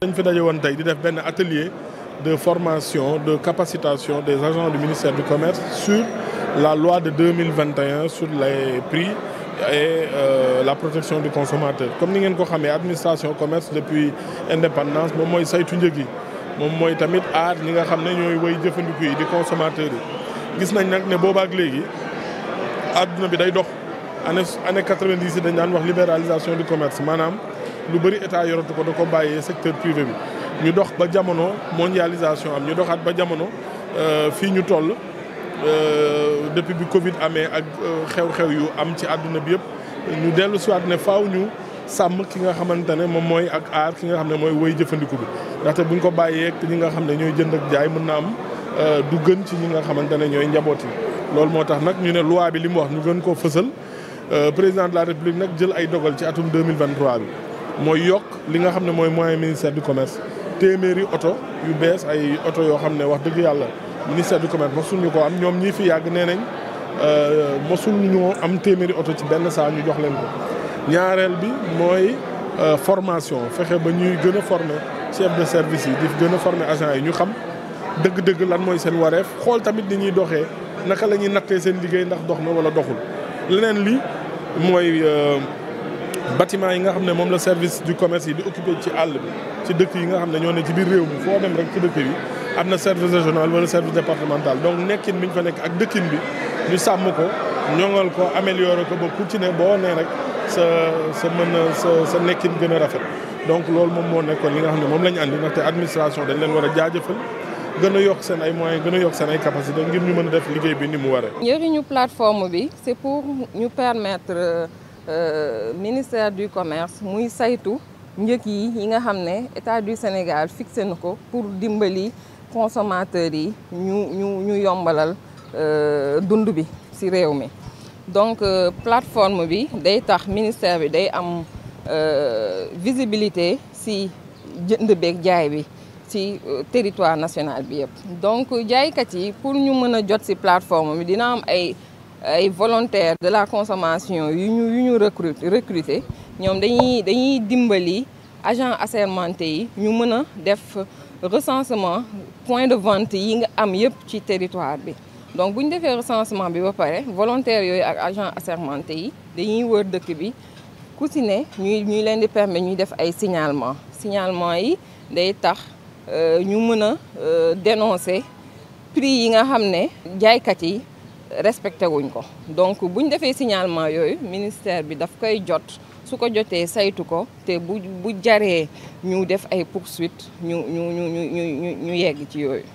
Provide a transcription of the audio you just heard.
dañ fi daje woon tey di def benn atelier de formation de capacitation des agents du ministère du commerce sur la loi de 2021 sur les prix et euh, la protection du consommateur comme ni ngeen ko xamee administration commerce depuis indépendance moom mooy saytu njëg yi moom mooy tamit aar ñi nga xam ne ñooy way jëfandiku yi di consommateur yi gis nañ nag ne boobaak léegi àdduna bi day dox année année quatre-vingt-dix yi dañ daan wax libéralisation du commerce maanaam lu bari état yoratu ko da ko bàyyee secteur privé bi ñu dox ba jamono mondialisation am ñu doxaat ba jamono euh, fii ñu toll euh, depuis bi Covid amee ak euh, xew-xew yu am ci àdduna bi yëpp ñu dellu siwaat ne faw ñu sàmm ki nga xamante ne moom mooy ak aar ki nga xam ne mooy woy jëfandiku bi ndaxte ñu ko bàyyee ak ñi nga xam ne ñooy jënd ak jaay mën na am du gën ci ñi nga xamante ne ñooy njaboot yi. loolu moo tax nag ñu ne loi bi li mu wax ñu gën koo fësal Euh, président de la république nag jël ay dogal ci atum 2023 bi mooy yokk li nga xam ne mooy moyen ministère du commerce téeméeri oto yu bees ay oto yoo xam ne wax dëgg yàlla ministère du commerce mosuñu ko am ñoom ñii fi yàgg nee nañ euh, mosuñu ñoo am téeméeri oto ci benn saa ñu jox leen ko ñaareel bi mooy euh, formation fexe ba ñuy gën forme former chef de service yi di gën a former agent yi ñu xam dëgg-dëgg lan mooy seen wareef xool tamit di ñuy doxee naka la ñuy nattee seen liggéey ndax dox na wala doxul mooy euh, bâtiment yi nga xam ne moom la service du commerce yi di occupé ci àll bi ci dëkk yi nga xam ne ñoo ne ci biir réew mi foo dem rek ci dëkk bi am na service régional wala service départemental donc nekkin bi ñu fa nekk ak dëkkin bi ñu sàmm ko ñoŋal ko améliorer ko ba ku ci ne boo nee rek sa sa mën a sa sa nekkin gën a rafet donc loolu moom moo nekkoon li nga xam ne moom la ñu andi ndaxte administration dañ leen war a jaajëfal gën a yokk seen ay moyens gën a yokk seen ay capacité ngir ñu mën a def liggéey bi ni mu waree. njëriñu plateforme bi c'est pour ñu permettre euh, ministère du commerce muy saytu njëg yi yi nga xam ne état du Sénégal fixé na ko pour dimbali consommateurs yi ñu ñu ñu yombalal euh, dund bi ci réew mi. donc euh, plateforme bi day tax ministère bi day am euh, visibilité ci jënd beeg jaay bi. ci euh, territoire national bi yëpp donc jaaykat yi pour ñu mën a jot ci plateforme bi dina am ay ay volontaires de la consommation yu ñu yu ñu recruter recruter ñoom dañuy dañuy dimbali agent assermenté yi ñu mën a def recensement point de vente yi nga am yëpp ci teritoire bi donc bu ñu defee recensement bi ba pare volontaires yooyu ak agent assermenté yi dañuy wër dëkk bi ku ci ne ñuy ñuy leen di permettre ñuy def ay signalement signalement yi day tax Euh, ñu mën a euh, dénoncer prix yi nga xam ne jaaykat yi respecté wuñ ko donc buñ defee signalement yooyu ministère bi daf koy jot su ko jotee saytu ko te bu bu jaree ñu def ay poursuite ñu ñu ñu ñu ñu ñu yegg ci yooyu